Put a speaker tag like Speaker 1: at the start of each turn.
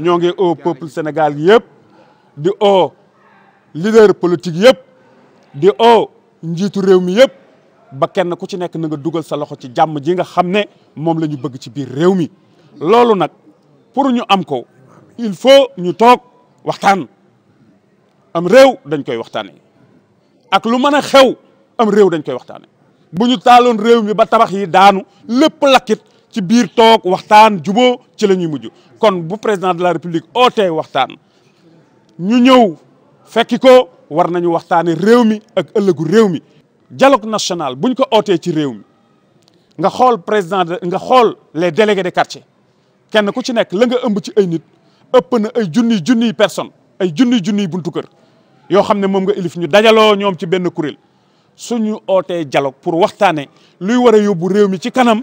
Speaker 1: ñoo o au peuple Sénégal yépp di o leader politique yépp di o njitu réew mi yépp ba kenn ku ci nek na nga duggal sa loxo ci jamm ji nga xamné mom lañu bëgg ci biir réew mi lolu nak pour ñu am ko il faut ñu tok waxtaan am réew dañ koy waxtaané ak lu mëna xew am réew dañ koy waxtaané buñu talon réew mi ba tabax yi daanu lepp lakit ci biir toog waxtaan jubo ci la ñuy mujj kon bu président de la république ootee waxtaan ñu ñëw fekki ko war nañu waxtaane réew mi ak ëllëgu réew mi jalok national buñ ko ootee ci réew mi nga xool président nga xool les délégués de quartier kenn ku ci nekk la nga ëmb ci ay nit ëpp na ay junni junniy personne ay junniy junni buntu kër yoo xam ne moom nga ilif ñu dajaloo ñoom ci benn kuréel suñu ootee dialogue pour waxtaane luy war a yóbbu réew mi ci kanam